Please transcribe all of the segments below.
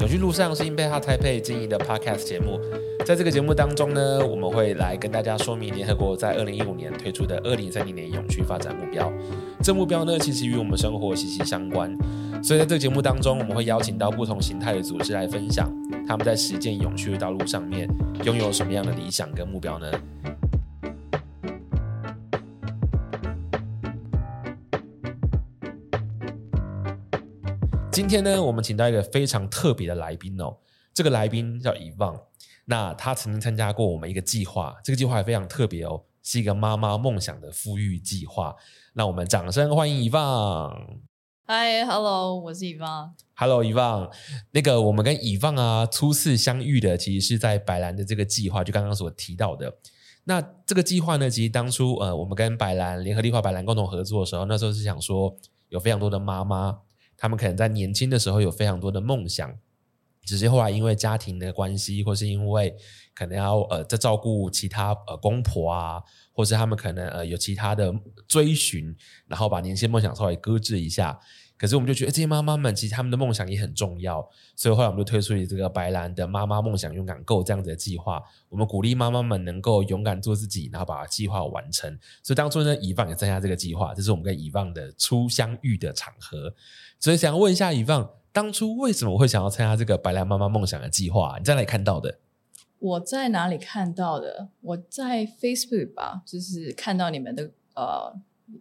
永續路上是 Impact Hub Taipei 經營的 Podcast 節目，在這個節目當中呢，我們會來跟大家說明聯合國在二零一五年推出的二零三零年永續發展目標。這目標呢，其實與我們生活息息相關，所以在這個節目當中，我們會邀請到不同形態的組織來分享他們在實踐永續道路上面擁有什麼樣的理想跟目標呢？今天呢，我們請到一個非常特別的來賓哦。這個來賓叫 Yvon，那他曾經參加過我們一個計劃，這個計劃也非常特別哦，是一個媽媽夢想的孵育計劃。那我們掌聲歡迎 Yvon。Hi，Hello，我是 Yvon。Hello，Yvon。那個我們跟 Yvon 啊初次相遇的，其實是在白蘭的這個計劃，就剛剛所提到的。那這個計劃呢，其實當初呃，我們跟白蘭聯合利華白蘭共同合作的時候，那時候是想說有非常多的媽媽。他們可能在年輕的時候有非常多的夢想，只是後來因為家庭的關係，或是因為可能要呃在照顧其他呃公婆啊，或是他們可能呃有其他的追尋，然後把年輕夢想稍微擱置一下。可是我們就覺得、欸、這些媽媽們其實他們的夢想也很重要，所以後來我們就推出了這個白蘭的媽媽夢想勇敢 GO 這樣子的計劃。我們鼓勵媽媽們能夠勇敢做自己，然後把計劃完成。所以當初呢，Yvon 也參加這個計劃，這是我們跟 Yvon 的初相遇的場合。所以想問一下一，Yvon 當初為什麼會想要參加這個“白蘭媽媽夢想”的計劃？你在哪裡看到的？我在哪裡看到的？我在 Facebook 吧，就是看到你們的呃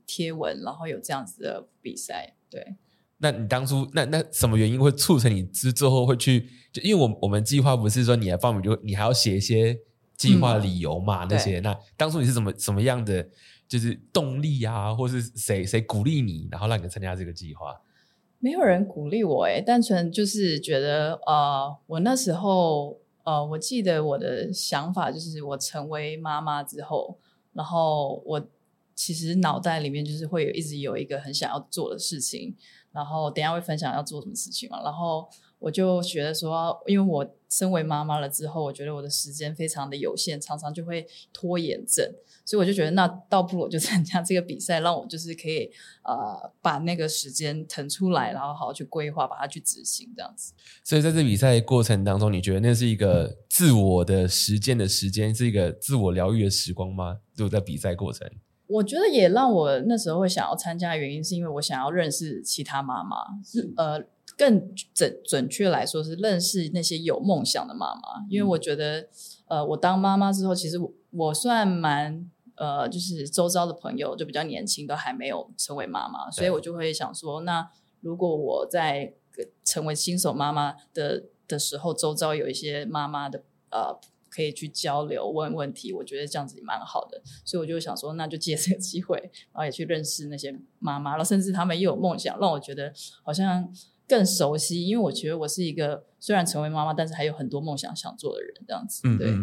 貼文，然後有這樣子的比賽。對，那你當初那那什麼原因會促成你之最後會去？就因為我們我們計劃不是說你來報名就你還要寫一些計劃理由嘛？嗯、那些對那當初你是怎麼什麼樣的就是動力啊？或是誰誰鼓勵你，然後讓你參加這個計劃？沒有人鼓勵我。誒，單純就是覺得，呃，我那時候，呃，我記得我的想法就是，我成為媽媽之後，然後我其實腦袋裡面就是會有一直有一個很想要做的事情，然後等一下會分享要做什麼事情嘛，然後。我就覺得說，因為我身為媽媽了之後，我覺得我的時間非常的有限，常常就會拖延症，所以我就覺得那倒不如我就參加這個比賽，讓我就是可以呃把那個時間騰出來，然後好好去規劃，把它去執行這樣子。所以在這比賽過程當中，你覺得那是一個自我的時間的時間，是一個自我療癒的時光嗎？就在比賽過程，我覺得也讓我那時候會想要參加的原因，是因為我想要認識其他媽媽是呃。更準準確來說是認識那些有夢想的媽媽，因為我覺得，呃，我當媽媽之後，其實我，我算蠻呃，就是週遭的朋友就比較年輕，都還沒有成為媽媽，所以我就會想說，那如果我在成為新手媽媽的的時候，週遭有一些媽媽的呃，可以去交流問問題，我覺得這樣子也蠻好的，所以我就想說，那就借這個機會，然後也去認識那些媽媽了，然後甚至他們也有夢想，讓我覺得好像。更熟悉，因為我覺得我是一個雖然成為媽媽，但是還有很多夢想想做的人，這樣子。嗯,嗯，對。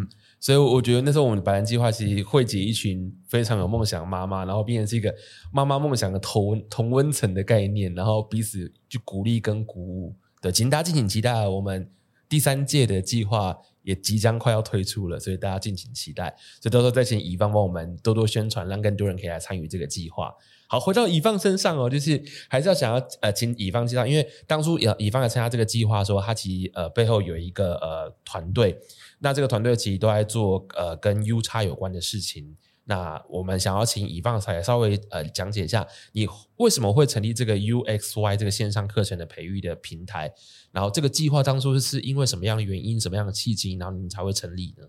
所以我覺得那時候我們白蘭計劃其實匯集一群非常有夢想的媽媽，然後變成是一個媽媽夢想的同同溫層的概念，然後彼此就鼓勵跟鼓舞。對，請大家敬請期待我們。第三屆的計劃也即將快要推出了，所以大家敬請期待。所以到時候再請 Yvon 幫我們多多宣傳，讓更多人可以來參與這個計劃。好，回到 Yvon 身上哦、喔，就是還是要想要呃，請 Yvon 介紹，因為當初 Yvon 來參加這個計劃的時候，他其實呃背後有一個呃團隊，那這個團隊其實都在做呃跟 UX 有關的事情。那我們想要請 Yvon 才稍微呃講解一下，你為什麼會成立這個 U X Y 這個線上課程的培育的平台？然後這個計劃當初是因為什麼樣的原因，什麼樣的契機，然後你才會成立呢？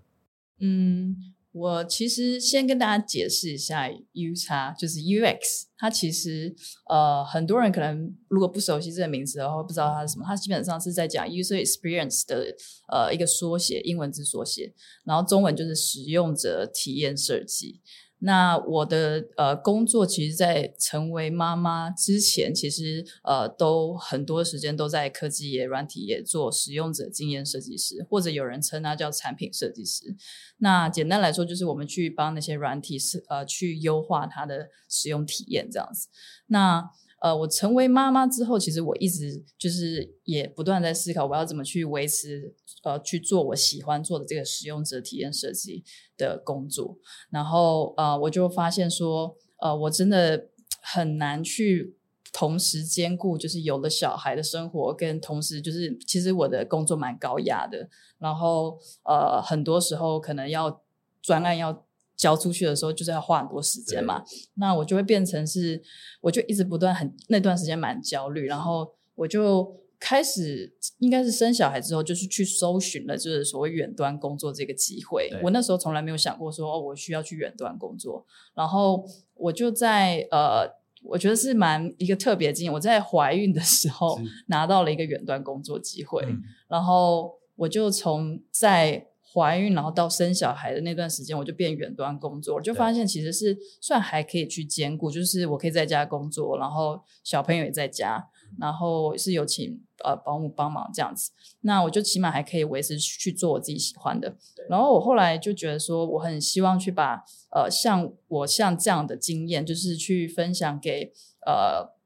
嗯。我其實先跟大家解釋一下，UX 就是 UX，它其實呃很多人可能如果不熟悉這個名字然後不知道它是什麼。它基本上是在講 User Experience 的呃一個縮寫，英文字縮寫，然後中文就是使用者體驗設計。那我的呃工作，其實在成為媽媽之前，其實呃都很多時間都在科技業、軟體業做使用者經驗設計師，或者有人稱它叫產品設計師。那簡單來說，就是我們去幫那些軟體是呃去優化它的使用體驗這樣子。那。呃，我成為媽媽之後，其實我一直就是也不斷在思考，我要怎麼去維持呃去做我喜歡做的這個使用者體驗設計的工作。然後呃，我就發現說，呃，我真的很難去同時兼顧，就是有了小孩的生活跟同時就是其實我的工作蠻高壓的。然後呃，很多時候可能要專案要。交出去的時候就是要花很多時間嘛，對那我就會變成是，我就一直不斷很那段時間蠻焦慮，然後我就開始應該是生小孩之後，就是去搜尋了就是所謂遠端工作這個機會。對我那時候從來沒有想過說哦，我需要去遠端工作，然後我就在呃，我覺得是蠻一個特別經驗。我在懷孕的時候拿到了一個遠端工作機會，是然後我就從在。懷孕，然後到生小孩的那段時間，我就變遠端工作，就發現其實是算還可以去兼顧，對就是我可以在家工作，然後小朋友也在家，然後是有請呃保姆幫忙這樣子，那我就起碼還可以維持去做我自己喜歡的。對然後我後來就覺得說，我很希望去把呃像我像這樣的經驗，就是去分享給呃。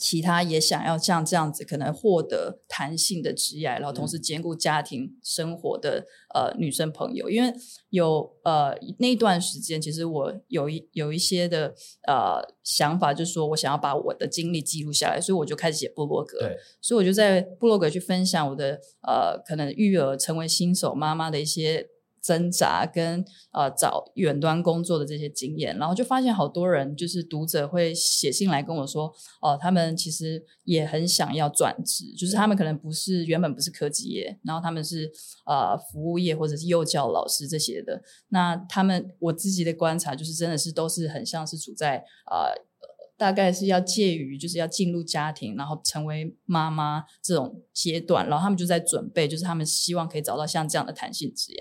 其他也想要像這樣子，可能獲得彈性的職業，然後同時兼顧家庭生活的、嗯、呃女生朋友，因為有呃那段時間，其實我有一有一些的呃想法，就是說我想要把我的經歷記錄下來，所以我就開始寫部落格。對所以我就在部落格去分享我的呃可能育兒成為新手媽媽的一些。掙扎跟呃找遠端工作的這些經驗，然後就發現好多人就是讀者會寫信來跟我說，哦、呃，他們其實也很想要轉職，就是他們可能不是原本不是科技業，然後他們是呃服務業或者是幼教老師這些的。那他們我自己的觀察就是，真的是都是很像是處在呃。大概是要介於，就是要進入家庭，然後成為媽媽這種階段，然後他們就在準備，就是他們希望可以找到像這樣的彈性職業，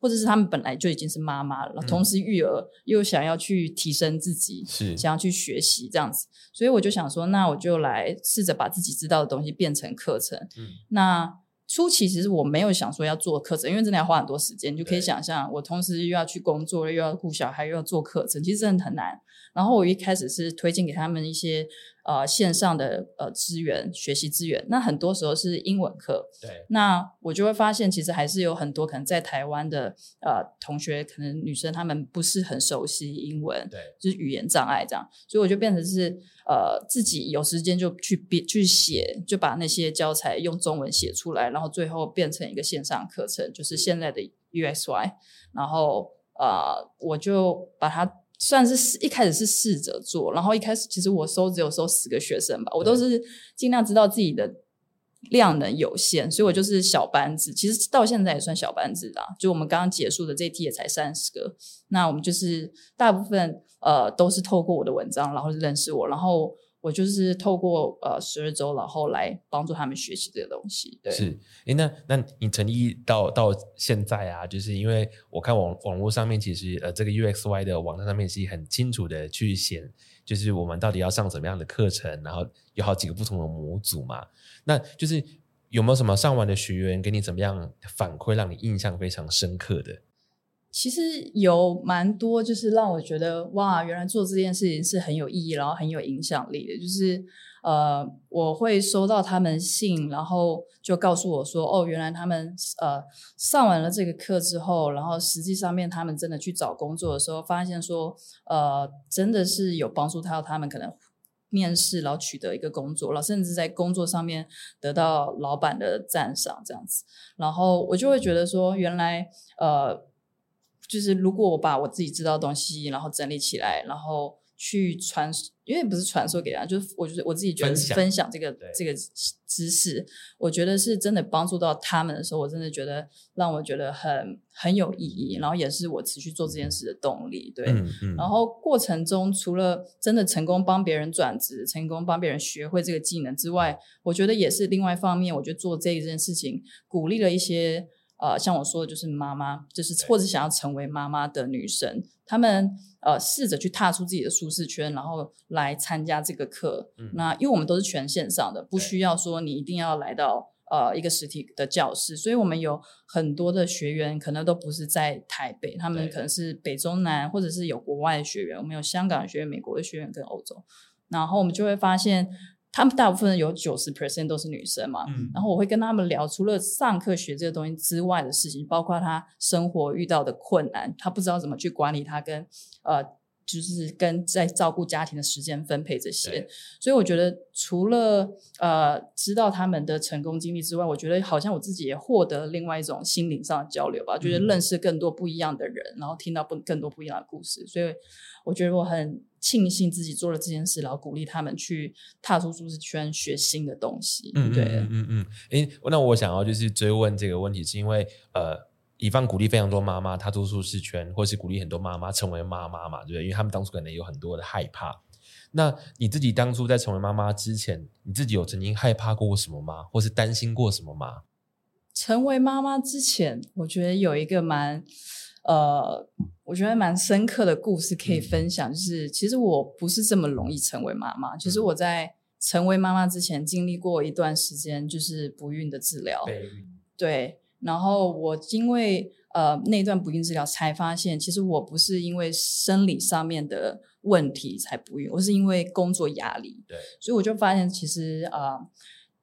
或者是他們本來就已經是媽媽了，同時育兒又想要去提升自己，嗯、想要去學習這樣子，所以我就想說，那我就來試着把自己知道的東西變成課程，嗯，那。初期其實我沒有想說要做課程，因為真的要花很多時間，你就可以想象我同時又要去工作，又要顧小孩，又要做課程，其實真的很難。然後我一開始是推薦給他們一些。呃，線上的呃資源，學習資源，那很多時候是英文課。對。那我就會發現，其實還是有很多可能在台灣的呃同學，可能女生他們不是很熟悉英文，對，就是語言障礙這樣。所以我就變成是呃自己有時間就去編、去寫，就把那些教材用中文寫出來，然後最後變成一個線上課程，就是現在的 UXY。然後呃，我就把它。算是一開始是試着做，然後一開始其實我收只有收十個學生吧，我都是盡量知道自己的量能有限，所以我就是小班子，其實到現在也算小班子的啊，就我們剛剛結束的這一期也才三十個，那我們就是大部分呃都是透過我的文章，然後認識我，然後。我就是透過呃十二週，然後來幫助他們學習這個東西。對是，誒、欸，那那你成立到到現在啊，就是因為我看網網絡上面其實呃這個 UXY 的網站上面是很清楚的去寫，就是我們到底要上什麼樣的課程，然後有好幾個不同的模組嘛。那就是有沒有什麼上完的學員給你怎麼樣反饋，讓你印象非常深刻的？其實有蠻多，就是讓我覺得哇，原來做這件事情是很有意義，然後很有影響力的。就是呃，我會收到他們信，然後就告訴我說，哦，原來他們呃上完了這個課之後，然後實際上面他們真的去找工作的時候，發現說呃，真的是有幫助到他們，可能面試然後取得一個工作了，然後甚至在工作上面得到老板的讚賞這樣子。然後我就會覺得說，原來呃。就是如果我把我自己知道的東西，然後整理起來，然後去傳，因為不是傳授給他，就,我就是我覺得我自己覺得分享這個分享這個知識，我覺得是真的幫助到他們的時候，我真的覺得讓我覺得很很有意義，嗯、然後也是我持續做這件事的動力。對，嗯嗯、然後過程中除了真的成功幫別人轉職，成功幫別人學會這個技能之外，我覺得也是另外一方面，我就做這一件事情，鼓勵了一些。呃，像我說的，就是媽媽，就是或者想要成為媽媽的女生，對他們呃，試着去踏出自己的舒適圈，然後來參加這個課。嗯、那因為我們都是全線上的，不需要說你一定要來到呃一個實體的教室，所以我們有很多的學員可能都不是在台北，對他們可能是北中南，或者是有國外的學員，我們有香港的學員、美國的學員跟歐洲，然後我們就會發現。他們大部分有九十 percent 都是女生嘛，嗯，然後我會跟他們聊，除了上課學這個東西之外的事情，包括他生活遇到的困難，他不知道怎麼去管理他跟呃。就是跟在照顧家庭的時間分配這些，對所以我覺得除了呃知道他們的成功經歷之外，我覺得好像我自己也獲得了另外一種心靈上的交流吧，就是認識更多不一樣的人，嗯、然後聽到不更多不一樣的故事，所以我覺得我很慶幸自己做了這件事，然後鼓勵他們去踏出舒適圈，學新的東西，對嗯對，嗯嗯，嗯。誒，那我想要就是追問這個問題，是因為呃。比方鼓勵非常多媽媽，她走出舒適圈，或是鼓勵很多媽媽成為媽媽嘛，對不對？因為他們當初可能有很多的害怕。那你自己當初在成為媽媽之前，你自己有曾經害怕過什麼嗎？或是擔心過什麼嗎？成為媽媽之前，我覺得有一個蠻呃，我覺得蠻深刻的故事可以分享，嗯、就是其實我不是這麼容易成為媽媽。其實、嗯、我在成為媽媽之前，經歷過一段時間就是不孕的治療。不孕，對。然後我因為呃那段不孕治療才發現，其實我不是因為生理上面的問題才不孕，我是因為工作壓力。對，所以我就發現其實啊、呃，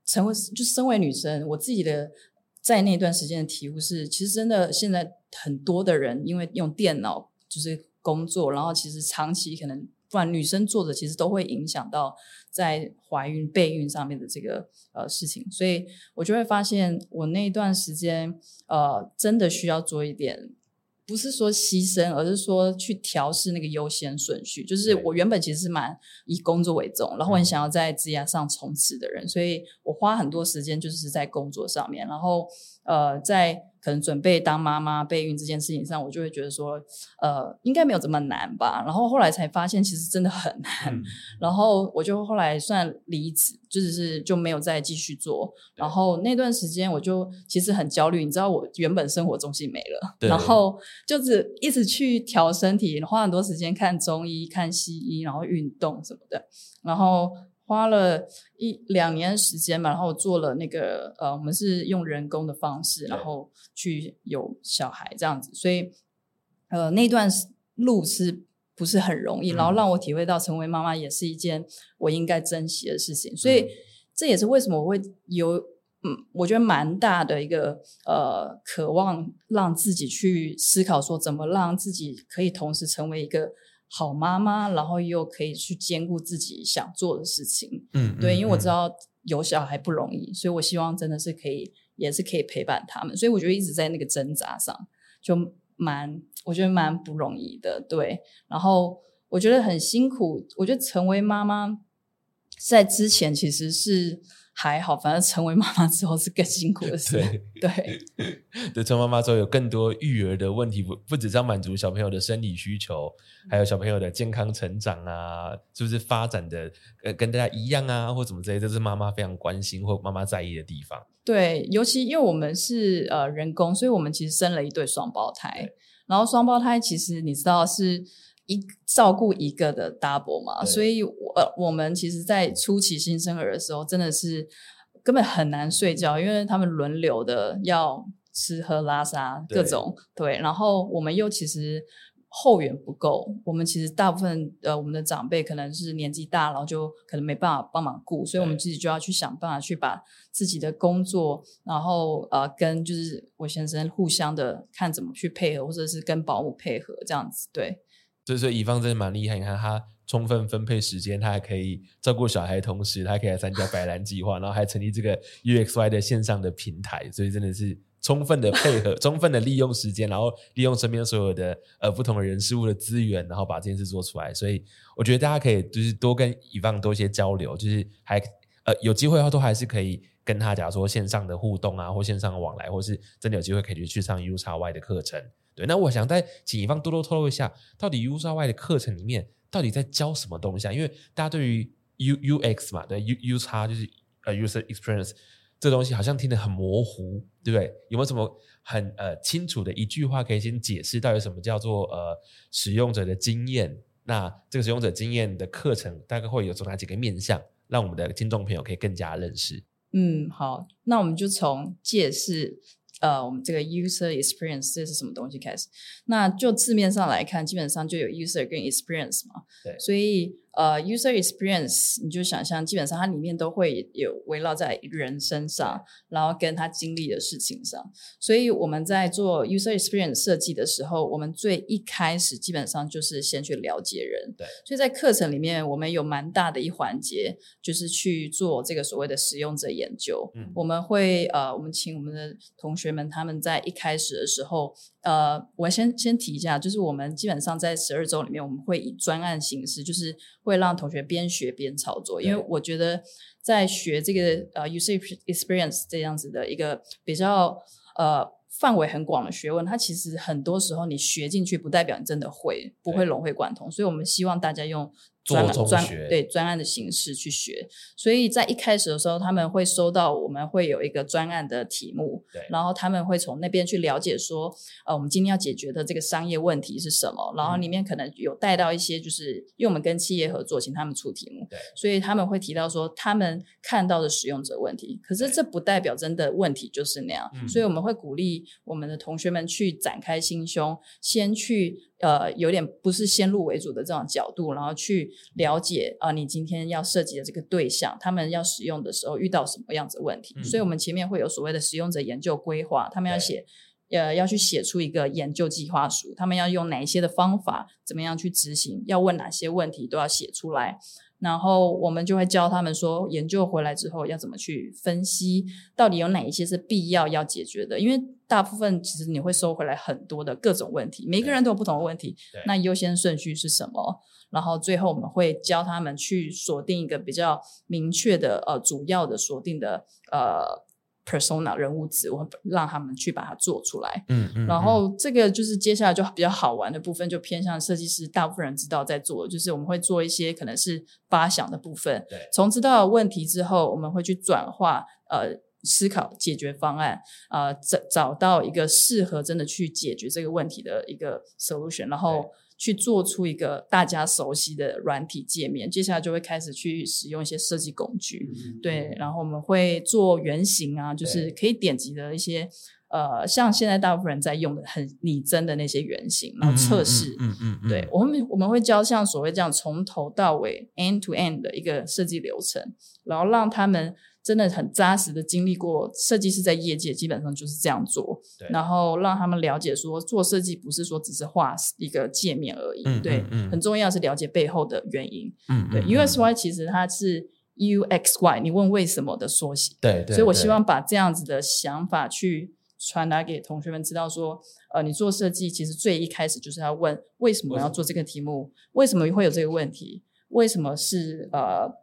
成為就身為女生，我自己的在那段時間的體悟是，其實真的現在很多的人因為用電腦就是工作，然後其實長期可能。不然，女生做的其實都會影響到在懷孕備孕上面的這個呃事情，所以我就會發現，我那一段時間呃真的需要做一點，不是說犧牲，而是說去調試那個優先順序。就是我原本其實是蠻以工作為重，對然後很想要在職業上衝刺的人，嗯、所以我花很多時間就是在工作上面，然後。呃，在可能準備當媽媽備孕這件事情上，我就會覺得說，呃，應該沒有這麼難吧。然後後來才發現，其實真的很難。嗯、然後我就後來算離職，就是就沒有再繼續做。對然後那段時間，我就其實很焦慮，你知道，我原本生活重心沒了，對然後就是一直去調身體，花很多時間看中醫、看西醫，然後運動什麼的，然後。花了一兩年時間嘛，然後做了那個呃，我們是用人工的方式，然後去有小孩這樣子，對所以呃那段路是不是很容易？嗯、然後讓我體會到成為媽媽也是一件我應該珍惜的事情，所以、嗯、這也是為什麼我會有嗯，我覺得蠻大的一個呃渴望，讓自己去思考說怎麼讓自己可以同時成為一個。好媽媽，然後又可以去兼顧自己想做的事情，嗯，嗯，嗯，對，因為我知道有小孩不容易，所以我希望真的是可以，也是可以陪伴他們，所以我覺得一直在那個掙扎上，就蠻，我覺得蠻不容易的，對，然後我覺得很辛苦，我覺得成為媽媽，在之前其實是。還好，反正成為媽媽之後是更辛苦的事。對對，成為媽媽之後有更多育兒的問題，不不止在滿足小朋友的生理需求，還有小朋友的健康成長啊，是、就、不是發展的？呃、跟大家一樣啊，或什麼之類，這是媽媽非常關心或媽媽在意的地方。對，尤其因為我們是呃人工，所以我們其實生了一對雙胞胎，對然後雙胞胎其實你知道是。一照顧一個的 double 嘛，對所以我、呃、我們其實，在初期新生兒的時候，真的是根本很難睡覺，因為他們輪流的要吃喝拉撒各種，對，對，然後我們又其實後援不夠，我們其實大部分呃，我們的長輩可能是年紀大，然後就可能沒辦法幫忙顧，所以我們自己就要去想辦法去把自己的工作，然後呃，跟就是我先生互相的看怎麼去配合，或者是跟保姆配合這樣子對。所以說，Yvon 真的蠻厲害。你看，他充分分配時間，他還可以照顧小孩，同時他還可以來參加白蘭計畫，然後還成立這個 U X Y 的線上的平台。所以真的是充分的配合，充分的利用時間，然後利用身邊所有的呃不同的人事物的資源，然後把這件事做出來。所以我覺得大家可以就是多跟 Yvon 多一些交流，就是還呃有機會的話，都還是可以跟他，假如說線上的互動啊，或線上的往來，或是真的有機會可以去上 U X Y 的課程。對，那我想再請 Yvon 多多透露一下，到底 UXY 的課程裡面到底在教什麼東西啊？因為大家對於 U U X 嘛，對 U UX 就是、呃、User Experience 這東西好像聽得很模糊，對不對？有沒有什麼很呃清楚的一句話可以先解釋到底什麼叫做呃使用者的經驗？那這個使用者經驗的課程大概會有從哪幾個面向，讓我們的聽眾朋友可以更加認識？嗯，好，那我們就從解釋呃，uh, 我們這個 user experience 這是什麼東西開始？那就字面上來看，基本上就有 user 跟 experience 嘛。對，所以。呃、uh，user experience，你就想象，基本上它裡面都會有圍繞在人身上，然後跟他經歷的事情上。所以我們在做 user experience 設計的時候，我們最一開始基本上就是先去了解人。對，所以在課程裡面，我們有蠻大的一環節就是去做這個所謂的使用者研究。嗯，我們會呃，我們請我們的同學們，他們在一開始的時候，呃，我先先提一下，就是我們基本上在十二周裡面，我們會以專案形式，就是。會讓同學邊學邊操作，因為我覺得在學這個對呃，User Experience 這樣子的一個比較呃範圍很廣的學問，它其實很多時候你學進去不代表你真的會，不會融會貫通，對所以我們希望大家用。做中學專對專案的形式去學，所以在一開始的時候，他們會收到，我們會有一個專案的題目，對然後他們會從那邊去了解說，呃，我們今天要解決的這個商業問題是什麼，然後裡面可能有帶到一些，就是因為我們跟企業合作，請他們出題目，對所以他們會提到說他們看到的使用者問題，可是這不代表真的問題就是那樣，對所以我們會鼓勵我們的同學們去展開心胸，先去。呃，有點不是先入為主的這種角度，然後去了解，啊，呃，你今天要設計的這個對象，他們要使用的時候遇到什麼樣子的問題？嗯，所以我們前面會有所謂的使用者研究規劃，他們要寫，對呃，要去寫出一個研究計劃書，他們要用哪一些的方法，怎麼樣去執行，要問哪些問題都要寫出來。然後我們就會教他們說，研究回來之後要怎麼去分析，到底有哪一些是必要要解決的。因為大部分其實你會收回來很多的各種問題，每個人都有不同的問題，對那優先順序是什麼？對然後最後我們會教他們去鎖定一個比較明確的，呃，主要的鎖定的呃。persona 人物誌，我讓他們去把它做出來。嗯，嗯然後這個就是接下來就比較好玩的部分，就偏向設計師大部分人知道在做，就是我們會做一些可能是發想的部分。對，從知道的問題之後，我們會去轉化呃思考解決方案，呃找找到一個適合真的去解決這個問題的一個 solution，然後。去做出一個大家熟悉的軟體界面，接下來就會開始去使用一些設計工具，嗯、對，然後我們會做原型啊，對，就是可以點擊的一些，呃，像現在大部分人在用的很擬真的那些原型，然後測試，嗯嗯，嗯嗯嗯嗯對，我們我們會教像所謂這樣從頭到尾 end to end 的一個設計流程，然後讓他們。真的很扎實的經歷過，設計師在業界基本上就是這樣做，對然後讓他們了解說，做設計不是說只是畫一個界面而已，嗯、對，嗯、很重要是了解背後的原因，嗯、對、嗯、，USY 其實它是 UXY，你問為什麼的縮寫，對，對，所以我希望把這樣子的想法去傳達給同學們，知道說，呃，你做設計其實最一開始就是要問，為什麼要做這個題目，為什，為什麼會有這個問題，為什麼是呃。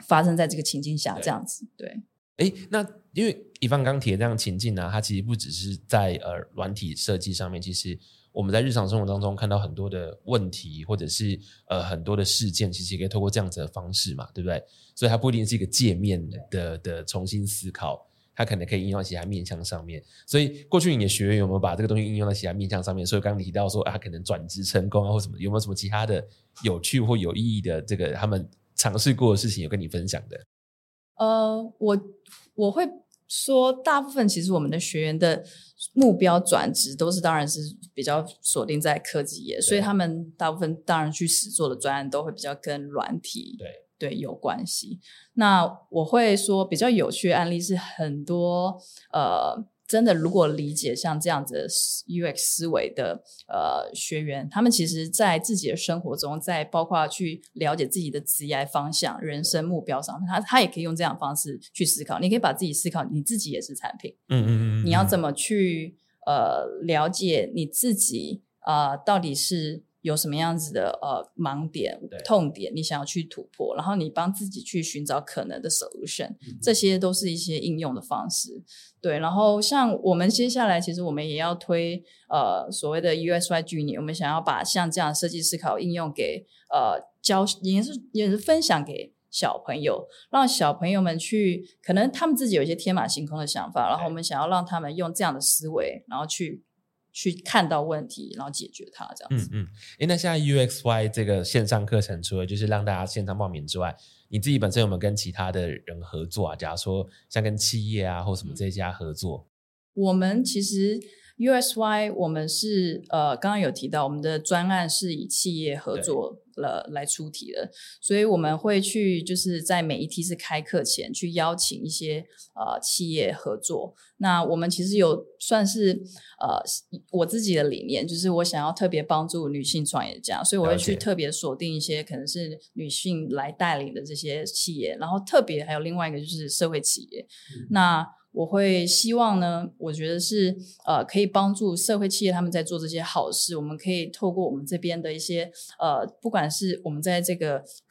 發生在這個情境下，這樣子，對。誒對、欸，那因為以方剛提的這樣情境呢、啊，它其實不只是在呃軟體設計上面，其實我們在日常生活當中看到很多的問題，或者是呃很多的事件，其實也可以透過這樣子的方式嘛，對不對？所以它不一定是一個界面的對的、的重新思考，它可能可以應用到其他面向上面。所以過去你的學員有沒有把這個東西應用到其他面向上面？所以剛剛你提到說啊，可能轉職成功啊或什麼，有沒有什麼其他的有趣或有意義的這個他們？嘗試過的事情有跟你分享的，呃，我我會說，大部分其實我們的學員的目標轉職都是，當然是比較鎖定在科技業，對所以他們大部分當然去實作的專案都會比較跟軟體對對有關係。那我會說比較有趣的案例是很多呃。真的，如果理解像這樣子 UX 思維的呃學員，他們其實在自己的生活中，在包括去了解自己的職業方向、人生目標上，他他也可以用這樣的方式去思考。你可以把自己思考，你自己也是產品，嗯嗯，嗯嗯嗯，你要怎麼去呃了解你自己啊，呃，到底是？有什麼樣子的呃盲點、對痛點，你想要去突破，然後你幫自己去尋找可能的 solution、嗯、哼這些都是一些應用的方式。對，然後像我們接下來，其實我們也要推呃所謂的 UXY Junior 我們想要把像這樣的設計思考應用給呃教也是也是分享給小朋友，讓小朋友們去，可能他們自己有一些天馬行空的想法，然後我們想要讓他們用這樣的思維，對然後去。去看到問題，然後解決它，這樣子。嗯嗯、欸。那現在 U X Y 這個線上課程，除了就是讓大家線上報名之外，你自己本身有沒有跟其他的人合作啊？假如說像跟企業啊或什麼這一家合作？嗯。我們其實。UXY 我們是呃，剛剛有提到我們的專案是以企業合作，了對來出題的，所以我們會去就是在每一期是開課前去邀請一些呃企業合作。那我們其實有算是呃我自己的理念，就是我想要特別幫助女性創業家，所以我會去特別鎖定一些可能是女性來帶領的這些企業，然後特別還有另外一個就是社會企業。嗯、那我會希望呢，我覺得是呃，可以幫助社會企業他們在做這些好事。我們可以透過我們這邊的一些呃，不管是我們在這個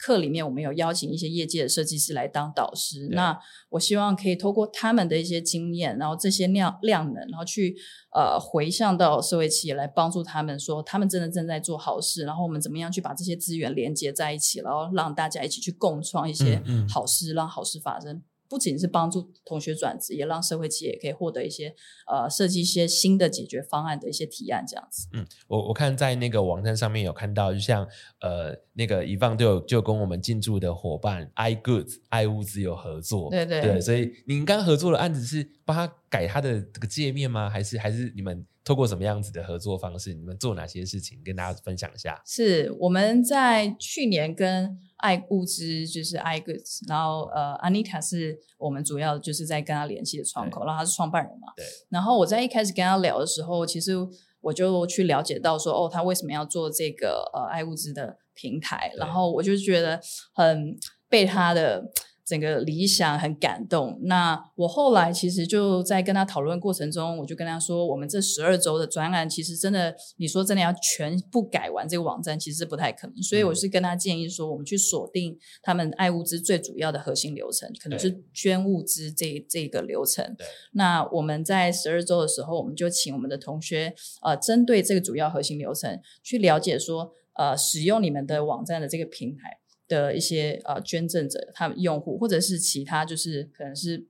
課裡面，我們有邀請一些業界的設計師來當導師。對那我希望可以透過他們的一些經驗，然後這些量量能，然後去呃回向到社會企業來幫助他們，說他們真的正在做好事。然後我們怎麼樣去把這些資源連接在一起，然後讓大家一起去共創一些好事，嗯嗯、讓好事發生。不僅是幫助同學轉職，也讓社會企業也可以獲得一些呃設計一些新的解決方案的一些提案，這樣子。嗯，我我看在那個網站上面有看到，就像呃那個一放就就跟我們進駐的夥伴 iGoods 愛物資有合作，對對對，對，所以你們剛合作的案子是幫他改他的這個界面嗎？還是還是你們透過什麼樣子的合作方式？你們做哪些事情跟大家分享一下？是我們在去年跟。愛物資就是愛 goods，然後呃，Anita 是我們主要就是在跟他聯繫的窗口，對然後他是創辦人嘛。對。然後我在一開始跟他聊的時候，其實我就去了解到說，哦，他為什麼要做這個呃愛物資的平台？對然後我就覺得很被他的。對嗯整個理想很感動。那我後來其實就在跟他討論過程中，我就跟他說：“我們這十二周的專案，其實真的，你說真的要全部改完這個網站，其實是不太可能。所以我是跟他建議說，我們去鎖定他們愛物資最主要的核心流程，可能是捐物資這對這個流程。對那我們在十二周的時候，我們就請我們的同學，呃，針對這個主要核心流程去了解說，呃，使用你們的網站的這個平台。”的一些呃捐贈者，他們用戶或者是其他，就是可能是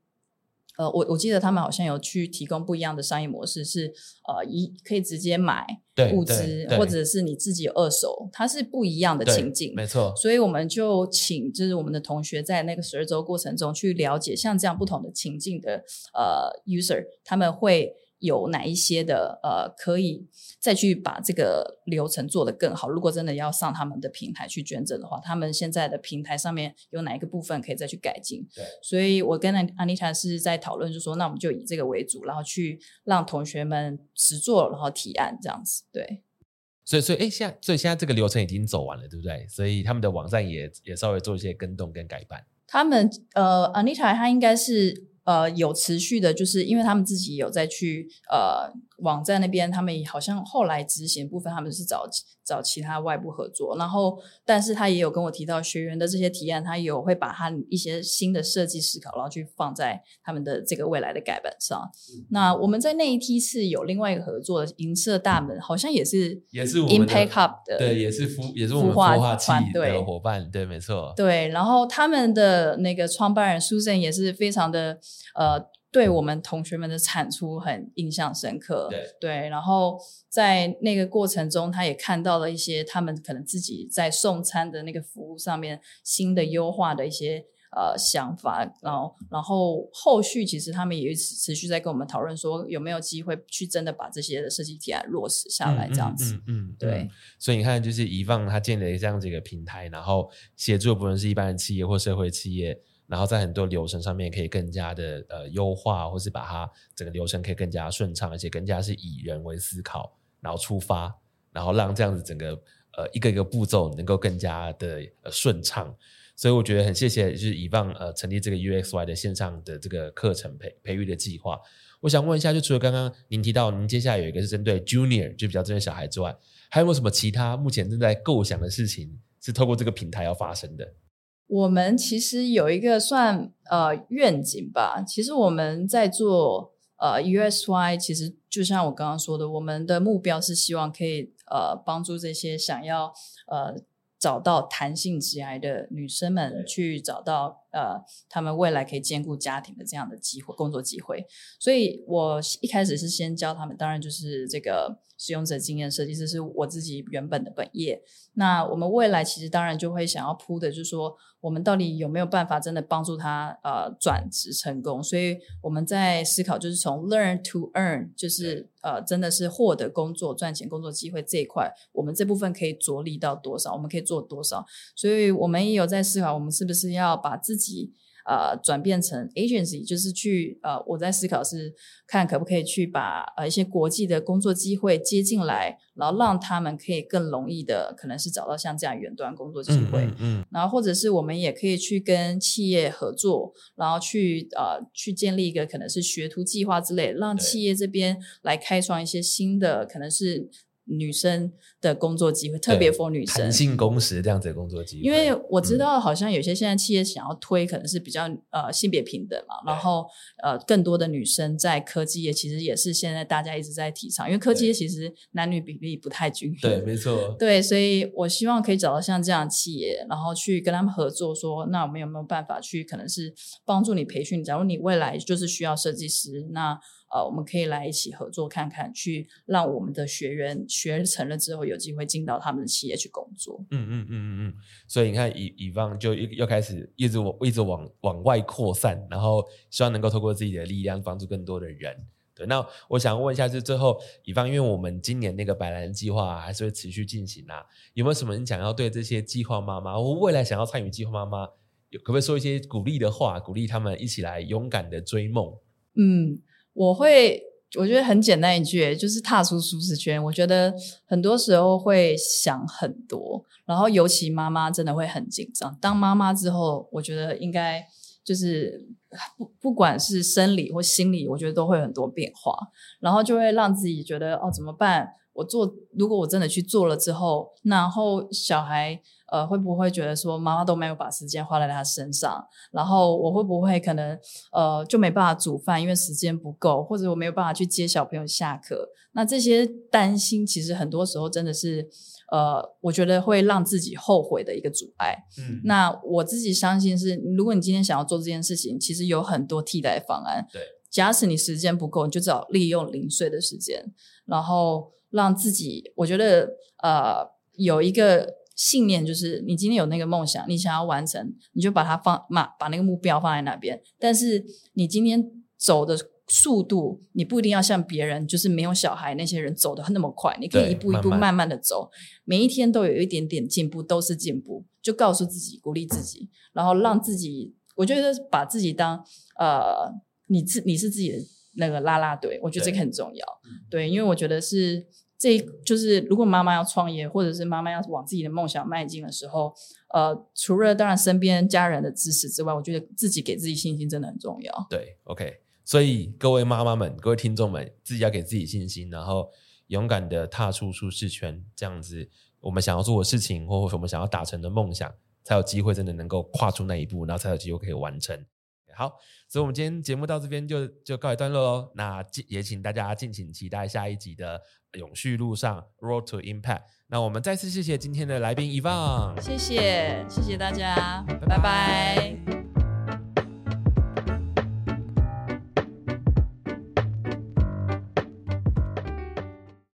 呃，我我記得他們好像有去提供不一樣的商業模式，是呃一可以直接買物資，對對對，或者是你自己二手，它是不一樣的情境，沒錯。所以我們就請就是我們的同學在那個十二週過程中去了解像這樣不同的情境的、嗯、呃 user，他們會。有哪一些的呃，可以再去把這個流程做得更好？如果真的要上他們的平台去捐贈的話，他們現在的平台上面有哪一個部分可以再去改進？對，所以我跟安妮塔是在討論就，就說那我們就以這個為主，然後去讓同學們實做，然後提案這樣子。對，所以所以誒現在所以現在這個流程已經走完了，對不對？所以他們的網站也也稍微做一些更動跟改版。他們呃，安妮塔她應該是。呃，有持續的，就是因為他們自己有在去呃。網站那邊，他們好像後來執行部分，他們是找找其他外部合作。然後，但是他也有跟我提到學員的這些提案，他也有會把他一些新的設計思考，然後去放在他們的這個未來的改版上。嗯、那我們在那一批是有另外一個合作的銀色大門，嗯、好像也是也是我們 Impact Hub 的，的對，也是孵也是我們孵化器的夥伴，對，對，沒錯。對，然後他們的那個創辦人 Susan 也是非常的呃。對我們同學們的產出很印象深刻，對，對，然後在那個過程中，他也看到了一些他們可能自己在送餐的那個服務上面新的優化的一些呃想法，然後、嗯、然後後續其實他們也持續在跟我們討論說，有沒有機會去真的把這些的設計提案落實下來這樣子，嗯，嗯，嗯，嗯，對，對所以你看，就是 Yvon 他建立的這樣子一個平台，然後協助的不論是一般的企業或社會企業。然後在很多流程上面可以更加的呃優化，或是把它整個流程可以更加順暢，而且更加是以人為思考，然後出發，然後讓這樣子整個呃一個一個步驟能夠更加的、呃、順暢。所以我覺得很謝謝就是 Yvon 呃成立這個 U X Y 的線上的這個課程培培育的計劃。我想問一下，就除了剛剛您提到您接下來有一個是針對 Junior 就比較針對小孩之外，還有沒有什麼其他目前正在構想的事情是透過這個平台要發生的？我們其實有一個算呃願景吧，其實我們在做呃 UXY，其實就像我剛剛說的，我們的目標是希望可以呃幫助這些想要呃找到彈性職涯的女生們，對去找到呃他們未來可以兼顧家庭的這樣的機會工作機會。所以我一開始是先教他們，當然就是這個。使用者經驗設計師是我自己原本的本業，那我們未來其實當然就會想要鋪的，就是說我們到底有沒有辦法真的幫助他呃轉職成功？所以我們在思考，就是從 learn to earn，就是對呃真的是獲得工作賺錢工作機會這一塊，我們這部分可以着力到多少？我們可以做多少？所以我們也有在思考，我們是不是要把自己。呃，轉變成 agency，就是去呃，我在思考是看可不可以去把呃一些國際的工作機會接進來，然後讓他們可以更容易的，可能是找到像這樣遠端工作機會。嗯，嗯嗯，然後或者是我們也可以去跟企業合作，然後去呃去建立一個可能是學徒計劃之類，讓企業這邊來開創一些新的，可能是。女生的工作機會特別 for< 對>，女生彈性工時這樣子的工作機會。因為我知道，好像有些現在企業想要推，可能是比較、嗯、呃性別平等嘛。然後對呃，更多的女生在科技業，其實也是現在大家一直在提倡，因為科技業其實男女比例不太均衡對， 對，沒錯。對，所以我希望可以找到像這樣的企業，然後去跟他們合作說，說那我們有沒有辦法去，可能是幫助你培訓，假如你未來就是需要設計師，那。呃，我們可以來一起合作看看，去讓我們的學員學成了之後，有機會進到他們的企業去工作。嗯嗯嗯嗯嗯。所以你看，Yvon 就又又開始一直往一直往往外擴散，然後希望能夠透過自己的力量幫助更多的人。對，那我想問一下，就是最後 Yvon，因為我們今年那個白蘭計劃還是會持續進行啊，有沒有什麼人想要對這些計劃媽媽，或未來想要參與計劃媽媽，可不可以說一些鼓勵的話，鼓勵他們一起來勇敢的追夢？嗯。我會，我覺得很簡單一句，就是踏出舒適圈。我覺得很多時候會想很多，然後尤其，媽媽真的會很緊張。當媽媽之後，我覺得應該就是。不，不管是生理或心理，我覺得都會很多變化，然後就會讓自己覺得哦，怎麼辦？我做如果我真的去做了之後，然後小孩呃會不會覺得說媽媽都沒有把時間花在她身上？然後我會不會可能呃就沒辦法煮飯，因為時間不夠，或者我沒有辦法去接小朋友下課？那這些擔心其實很多時候真的是呃，我覺得會讓自己後悔的一個阻礙。嗯，那我自己相信是，如果你今天想要做這件事情，其實。有很多替代方案。對，假使，你時間不夠，你就只好利用零碎的時間，然後讓自己。我覺得，呃，有一個信念就是，你今天有那個夢想，你想要完成，你就把它放嘛，把那個目標放在那邊。但是你今天走的速度，你不一定要像別人，就是沒有小孩那些人走的那麼快。你可以一步一步慢慢的走，慢慢每一天都有一點點進步，都是進步。就告訴自己，鼓勵自己，然後讓自己。我覺得把自己當呃，你自你是自己的那個拉拉隊，我覺得這個很重要。對，對，因為我覺得是這個，就是如果媽媽要創業，或者是媽媽要往自己的夢想邁進的時候，呃，除了當然身邊家人的支持之外，我覺得自己給自己信心真的很重要。對，OK，所以各位媽媽們，各位聽眾們，自己要給自己信心，然後勇敢的踏出舒適圈，這樣子，我們想要做的事情，或是我們想要達成的夢想才有機會真的能夠跨出那一步，然後才有機會可以完成。好，所以我們今天節目到這邊就就告一段落嘍。那也請大家敬請期待下一集的《永續路上 Road to Impact》。那我們再次謝謝今天的來賓 Yvon，謝謝謝謝大家，拜拜。拜拜。